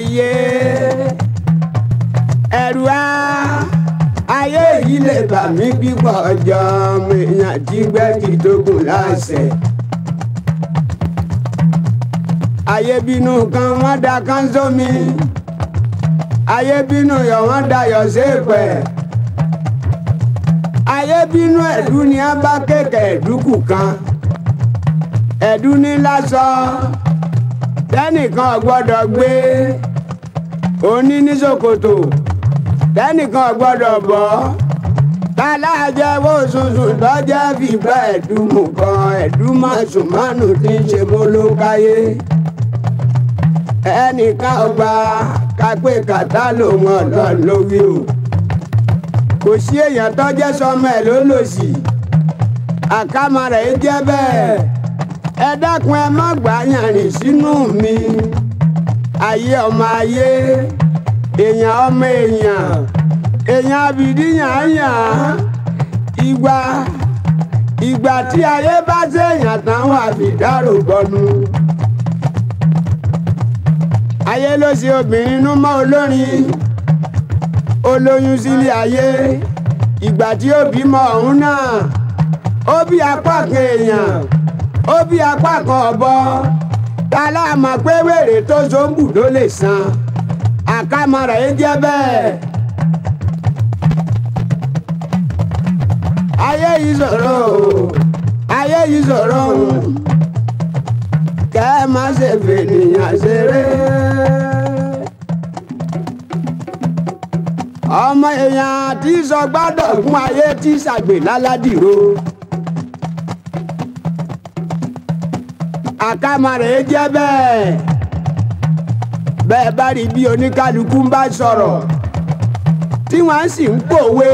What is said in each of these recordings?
ayé ẹ̀rù á ayé yìí lè bà mí pípọ̀ ọjọ́ ọmọ èèyàn jígbẹ́ kìdógún láṣẹ. ayé bínú kan wọ́n da kan sómi ayé bínú yọ̀ wọ́n da yọ̀ séèpẹ̀ ayé bínú ẹ̀dú ni a bá kéèké ẹ̀dúkù kan ẹ̀dú ní lásán tẹ́nìkan gbọ́dọ̀ gbé. òní ní ṣòkòtò tẹ́nìkan gbọ́dọ̀ bọ́ aláàjẹ wo ṣoṣo lọ́jẹ́ fìgbà ẹ̀dùnmù kan ẹ̀dùnmọ̀ṣùmánù tí ń ṣe mólókáyé ẹnìkan ọgbà kápẹ́ kàtá lòun ọ̀dọ́ lórí o kò sí èèyàn tọ́jẹ́ sọmọ ẹ̀ ló lòsì àkàmọ́ rẹ̀ jẹ́ bẹ́ẹ̀ ẹ dákun ẹ má gbà yànrìn sínú mi. ayé ọmọ ayé èèyàn ọmọ èèyàn èèyàn abìdí yànyàn ìgbà ìgbà tí ayé bá jẹ séèyàn táwọn àbìdárò gbọnu. ayé ló ṣe obìnrin inú mọ́ olórin olóyún sílé ayé ìgbà tí ó bímọ ọ̀hún náà ó bí apá kan èèyàn ó bí apá kan ọ̀bọ. ta la pé wèrè tó zombu ló lè san jẹ́ bẹ́ẹ̀. ayé yìí ayé yìí kẹ́ ẹ má ṣe fènìyàn ṣeré. ọmọ èèyàn tí sọ gbọ́dọ̀ ayé tí àkàmàrà ẹ jẹ́ bẹ́ẹ̀ bẹ́ẹ̀ bá rí bí oníkálukú ń bá sọ̀rọ̀ tí wọ́n sì ń pòwe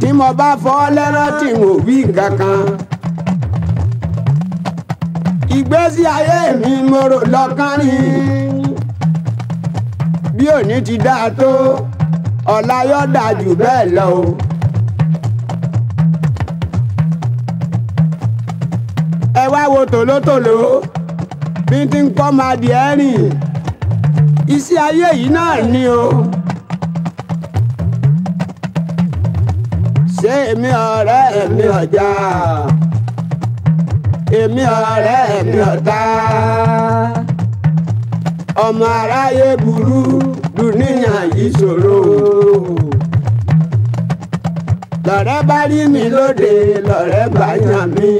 tí mo bá fọ́ lẹ́rán tí n ò wí kankan. ìgbésí ayé mi mo rò lọ́kàn rìn bí òní ti dáa tó ọ̀la yóò dáa jù bẹ́ẹ̀ lọ wo tòlótòló bí ti ń kọ́ máa di ẹ́rìn iṣẹ́ ayé yìí náà ni o. ṣé èmi ọ̀rẹ́ èmi ọ̀jà èmi ọ̀rẹ́ èmi ọ̀tá ọmọ aráyé burú dùn níyàn yìí ṣòro lọ̀rẹ́ bá rí mi lóde lọ̀rẹ́ bá yàn mí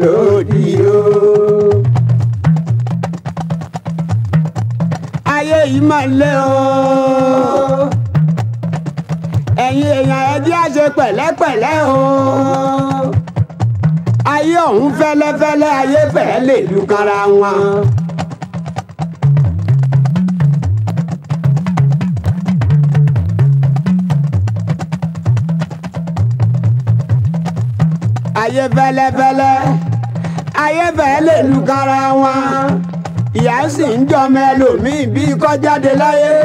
lòdì o. ayé yìí máa lé o. ẹ̀yin èèyàn ẹ jẹ́ á pẹ̀lẹ́pẹ̀lẹ́ o. ayé ọ̀hún fẹ́lẹ́fẹ́lẹ́ ayé fẹ́ẹ́ lè lu kanra wọn. ayé bẹ́lẹ́bẹ́lẹ́ ayé bẹ́ẹ̀ lè lu kára wọn ìyá sì ń jọmọ ẹlòmíì bí kọjáde láyé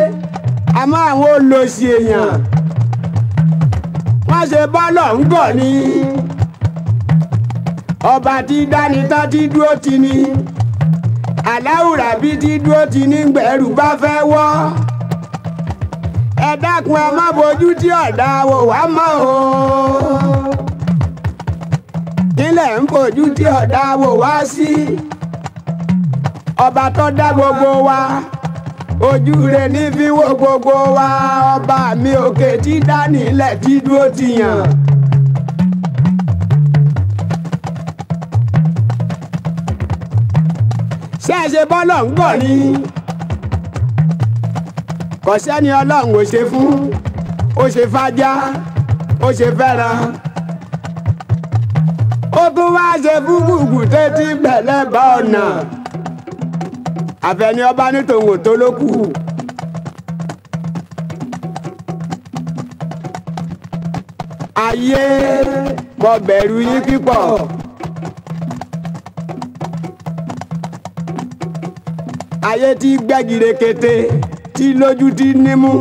àmọ́ àwọn olóṣì èèyàn wọ́n ṣe bọ́lọ̀ ń gọ̀ ni ọba tí dánitán tí dúró ti ni aláwùrà bí tí dúró ti ní gbẹ̀rù bá fẹ́ wọ́ ẹ dákun ẹ má bójú tí ọ̀dà wò wá mọ́ o kílẹ̀ ń fojú tí ọ̀dà wò wá sí ọba tó dá gbogbo wa ojú rẹ̀ ní fi wo gbogbo wa ọba mi òkè tí dání ilẹ̀ tí dúró ti yàn. ṣẹ́ẹ̀ṣe bọ́lọ̀ ń gọ̀ ni kò sẹ́ni ọlọ́run ò ṣe fún ó ṣe fájá ó ṣe fẹ́ràn ṣe búbùbù tẹ́tí gbẹ̀lẹ́bà ọ̀nà àfẹni ọba ní tòun ò tó ló kù. ayé mo bẹ̀rù yín pípọ̀. ayé tí gbẹ́gìrì kété tí lójú tí nímú.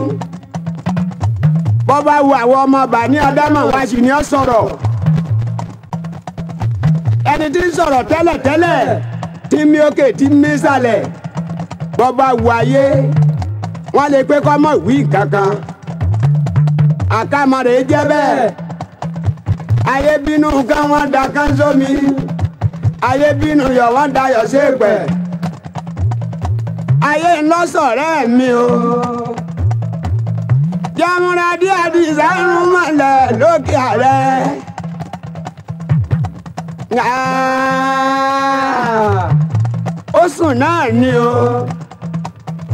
bọ́ bá wo àwọn ọmọ bàní ọ̀dọ́mọ̀ wá sí ni ó sọ̀rọ̀ ẹni tí ń sọ̀rọ̀ tẹ́lẹ̀tẹ́lẹ̀ tí mi òkè tí mi sàlẹ̀ bọ́ bá wu ayé wọ́n lè pé kọ́mọ wí kankan àkàmọ̀rẹ́ jẹ́ bẹ́ẹ̀ ayé bínú kan wọ́n da kan sómi ayé bínú yọ̀ wọ́n dayọ̀ séèpẹ̀ ayé ńlọ́sọ̀rẹ́ mi o jẹ́múra díẹ̀ di ìsáyẹ̀rún mọ̀lẹ́ lókè ààrẹ. ó sùn náà ni o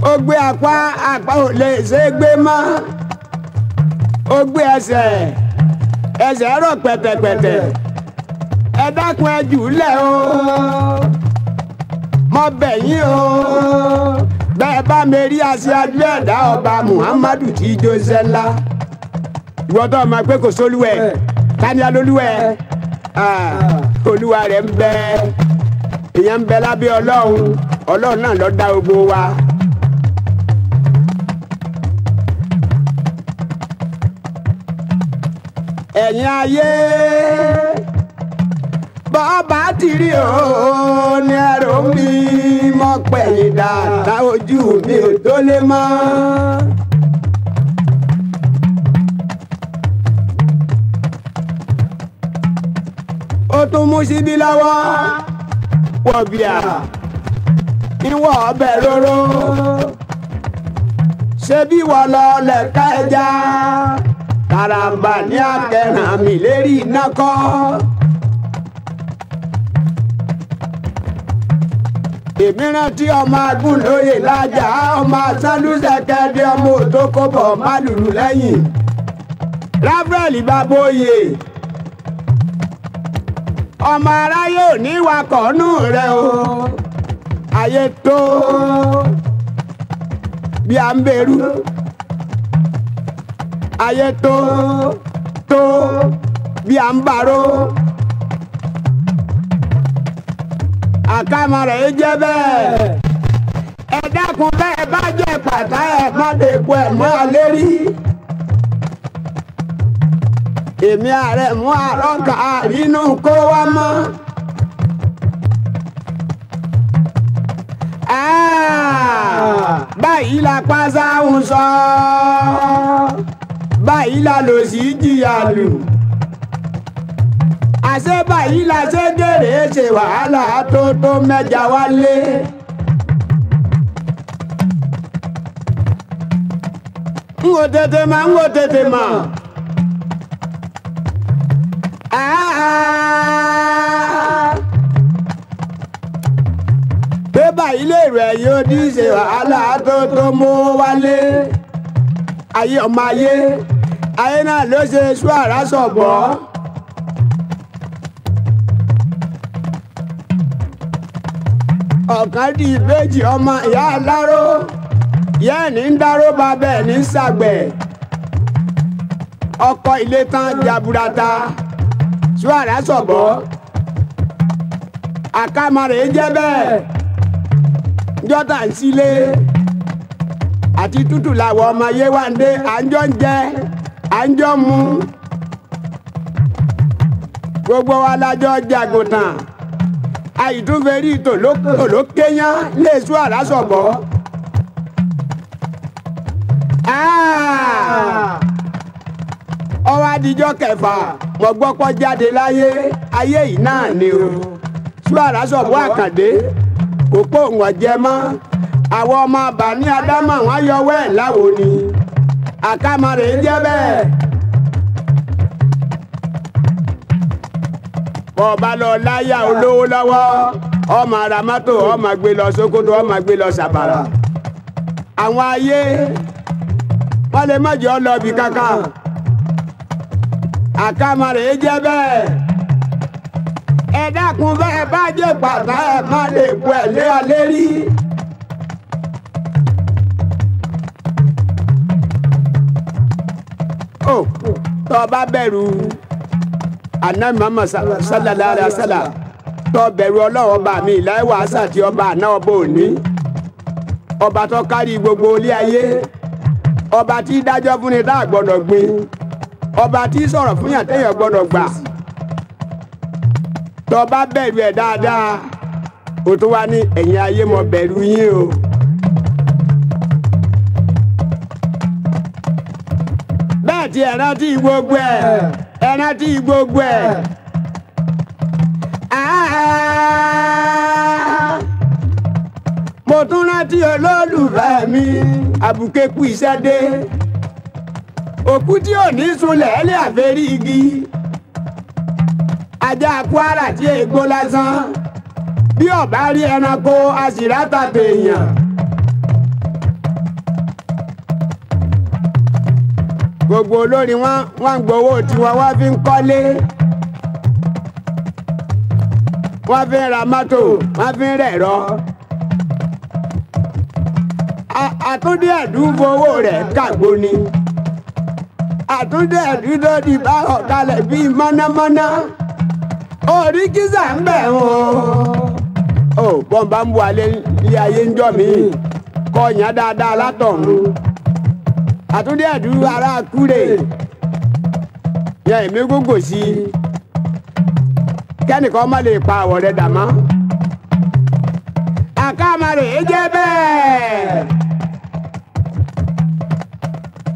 ó gbé apá apá ò lè ṣe é gbé mọ́ ó gbé ẹsẹ̀ ẹsẹ̀ rọ̀ pẹ̀tẹ̀pẹ̀tẹ̀ ẹ dákun ẹ o mo bẹ̀ o bẹ́ẹ̀ bá rí aṣáájú ẹ̀dá ọba Muhammadu tí ijó ńlá ìwọ́n tó ọmọ pé kò tani olúwa rẹ̀ ń la ìyẹn ń bẹ lábẹ́ ọlọ́run ọlọ́run náà dá gbogbo wa. ẹ̀yin ayé bọ́ọ̀bá ti rí o ní ẹ̀rọ mi mọ́ pẹ̀lú dáadáa ojú mi ò tó ó tún mú síbí lọ́wọ́ wọ̀bìà ìwọ ọbẹ̀ róró ṣebí wọ́n lọ lẹ́ka ẹja karamba ní akẹ́ràn mi lérí iná kọ́. èmi rántí ọmọ agúnlóye lájà ọmọ sálúṣẹkẹdẹ ọmọ òtókòbọ má lùlù lẹ́yìn. ráfẹ́lì baboyè ọmọ aráyé ò ní wakọ̀ nù rẹ o ayé tó bí a ń bẹ̀rù ayé tó tó bí a ń bàró àkàmọ́ rẹ̀ jẹ́ bẹ́ẹ̀ ẹ dákun bẹ́ẹ̀ bá jẹ́ pàtà ẹ̀ má lè po ẹ̀ mọ́ alẹ́ rí èmi ààrẹ mú àrọ́ǹkà àrínú kó wá mọ́. Ah, báyìí la pàṣẹ àwọn sọ báyìí la lò sí jìyà lù àṣẹ báyìí la ṣe dèrè ṣe wàhálà tó tó mẹ́jà wálé. ń wo tètè mà ń wo tètè mà. bébà ilé rẹ̀ yóò ní ṣe wàhálà tó tó mú wálé ayé ọmọ ayé ayé náà ló ṣe sú àrá sọ̀bọ̀. ọ̀kan di ìbejì ọmọ ìyá aláró ìyá ẹni ń dáró babẹ̀ ní sàgbẹ̀ ọkọ̀ ilé tán jaburata. suara sọ̀bọ́ àkàmọ̀rẹ̀ jẹ́ bẹ́ẹ̀ njọ́ta ń sílé àti tútù làwọn ọmọ Yéwándé à ń jọ ń jẹ à ń jọ mu gbogbo wa lájọ jàgùntàn àìtúnfẹ́rí tòlókéyán lè suara sọ̀bọ́. Ah! dijọ́ kẹfà mo gbọ́ jáde láyé ayé yìí náà ni o ṣúara sọ̀bù àkàndé kò pò wọ́n jẹ mọ́ àwọn ọmọ bàní adámọ̀ wọn yọwọ́ ẹ̀ láwo ni àkàmọ́ rẹ̀ ń jẹ́ bẹ́ẹ̀. ọba lọ láyà olówó lọ́wọ́ ọmọ ara mọ́tò ọmọ gbé àkàmọ̀rẹ̀ yìí jẹ́ bẹ́ẹ̀. bá jẹ́ pàtà má lè pọ̀ ẹ̀ lé rí. bá bẹ̀rù anabi muhammad sallallahu alayhi bẹ̀rù ọlọ́wọ́ mi ọba àná ọba òní ọba tó gbogbo ayé ọba tí dájọ́ tá gbin. ọba tí sọ̀rọ̀ fún yàn téèyàn gbọ́dọ̀ gbà tọba bẹ̀rù ẹ̀ dáadáa o tó wá ní ẹ̀yin ayé mo bẹ̀rù yín o. bẹ́ẹ̀ ti ẹ rántí gbogbo ẹ̀ ẹ rántí gbogbo ẹ̀. mo tún rántí olólùfẹ́ mi àbùkẹ́kù iṣẹ́ dé òkú tí ò ní sunlẹ̀ ẹ́ lè àfẹ́rí igi ajá kwara tí ègbó lásán bí ọ̀bá rí ẹranko a sì rátàtà èèyàn. gbogbo olórin wọn wọn ń gbowó tiwọn wọn fi ń kọ́lé wọn fi ń ra mọ́tò wọn fi ń rẹ̀rọ. àtúndí ẹ̀dùn fowó rẹ̀ kàgbóni àtúndẹ̀ dídọ́dì bá ọ̀kalẹ̀ bíi mọ́námọ́ná orí kíza ń bẹ̀ wọ́n. ó bọ́n bá ń bu alẹ́ ilé ayé ń jọ mí kọ́ ọ̀yàn dáadáa látọ̀run àtúndẹ̀ dúró ara kúrè yẹ èmi gbogbo sí i kẹ́nìkan má lè pa àwọ̀ rẹ̀ dà mọ́ àkàmọ́ rẹ̀ jẹ́ bẹ́ẹ̀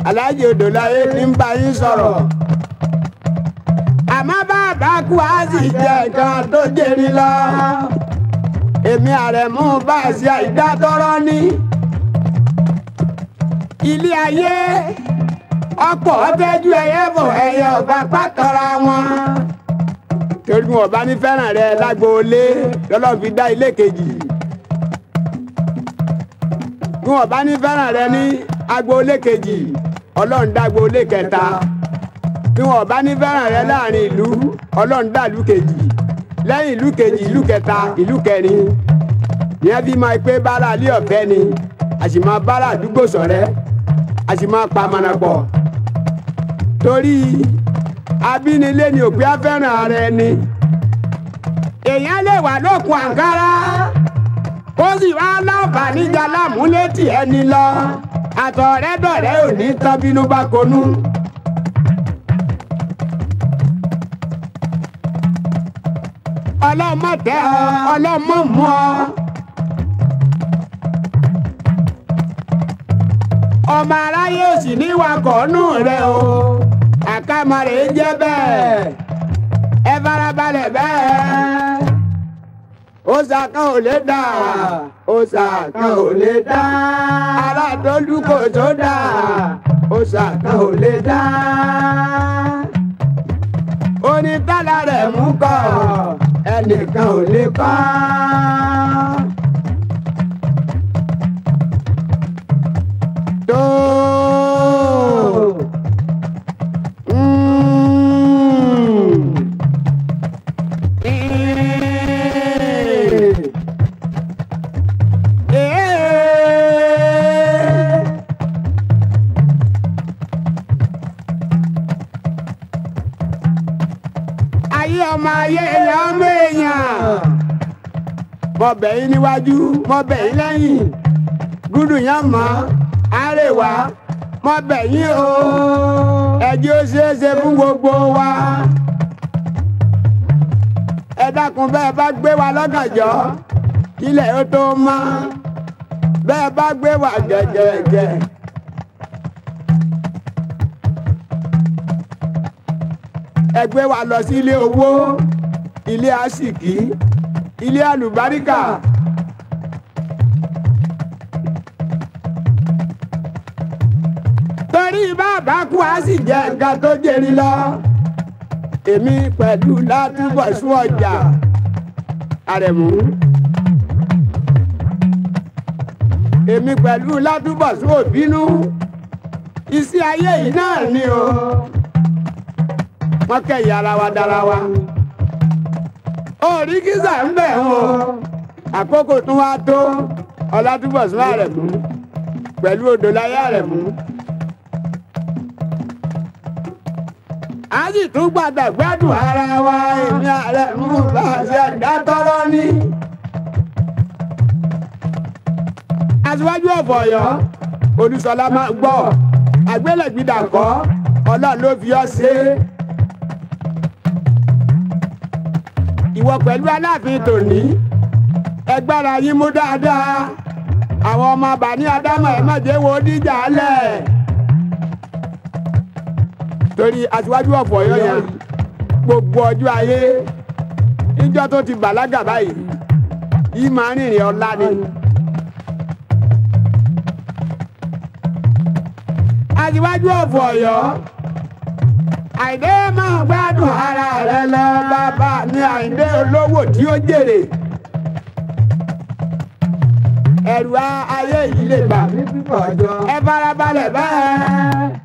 aláàjì odò láyé ní ń bá yín sọ̀rọ̀. àmọ́ bàbá kú á sì jẹ́ nǹkan tó jẹ́rìí lọ. èmi àrẹ̀mú bá a ṣe àìdátọ́rọ́ ní. ilé ayé ọ̀pọ̀ ọ̀fẹ́jú ẹyẹ bọ̀ ẹyẹ ọ̀bá pàtọ́ra wọn. torí wọn bá ní fẹ́ràn rẹ lágboolé lọ́lọ́ọ̀ fi dá ilé kejì bí wọn bá ní fẹ́ràn rẹ ní agboolé kejì ọlọ́run dàgbò kẹta bí bá ní fẹ́ràn rẹ láàrin ìlú ọlọ́run kejì lẹ́yìn ìlú kejì ìlú kẹta ìlú kẹrin ìyẹn fi máa pé bára ọ̀fẹ́ ni sì máa bára àdúgbò ṣọ̀rẹ́ a sì máa pa ni òpin afẹ́ràn ara ẹni èèyàn lè wà lókun àtọ̀rẹ́dọ̀rẹ́ ò ní tán bínú bá konú. ọlọ́mọ tẹ ọ ọlọ́mọ mú ọ. ọmọ aráyé ò sì ní wakọ̀ nù rẹ o àkàmọ́ rẹ̀ jẹ́ bẹ́ẹ̀ ẹ farabalẹ̀ bẹ́ẹ̀. òòṣà kan ò lè dà òòṣà kan ò lè dà aládọ́lù kò tó dà òòṣà kan ò lè dà. onítàlá rẹ̀ mú kọ́ ẹnìkan ò lè kọ́. mo bẹ̀ yín níwájú mo bẹ̀ yín lẹ́yìn gúdù yẹn mọ́ àrèwá mo bẹ̀ yín o ẹ jẹ́ ó ṣeé ṣe fún gbogbo wa ẹ dákun bẹ́ẹ̀ bá gbé wa lọ́gànjọ́ kílẹ̀ ó tó mọ́ bẹ́ẹ̀ bá gbé wa gẹ̀gẹ̀gẹ̀. ẹ gbé wa lọ sí ilé owó ilé àsìkí ilé àlùbáríkà. torí bàbá kú á sì jẹ nǹkan tó jẹri lọ èmi pẹ̀lú látúbọ̀ sún ọjà àrẹ̀mú. èmi pẹ̀lú látúbọ̀ sún òbínú iṣẹ́ ayé yìí náà ni o wọ́n kẹ́yìn ara wa dára wa. oríkìsà ń bẹ̀ àkókò tún wá tó ọlátúbọ̀sùn mú pẹ̀lú odò láyé mú a sì tún gbádùn ara wa èmi àrẹ̀mú bá a ṣe àdátọ́rọ́ ní. aṣíwájú ọ̀fọ̀ ọ̀yọ́ olùsọ̀lá máa gbọ́ ọlọ́run ìwọ pẹ̀lú aláàfin tòní ẹgbára yín mú dáadáa àwọn ọmọ bàní adámọ̀ ẹ̀ má jẹ́ wo díjà lẹ̀ torí aṣíwájú ọ̀pọ̀ yọ yẹn gbogbo ọjọ́ ayé níjọ́ tó ti bàlágà báyìí yìí máa ń rìnrìn ọ̀la ni. aṣíwájú ọ̀fọ̀ yọ. àìdé máa gbádùn ara rẹ lọ bàbá ni àìdé olówó tí ó jèrè. ẹ̀rù ayé yìí lè bà mí púpọ̀ jọ. ẹ farabalẹ̀ báyìí.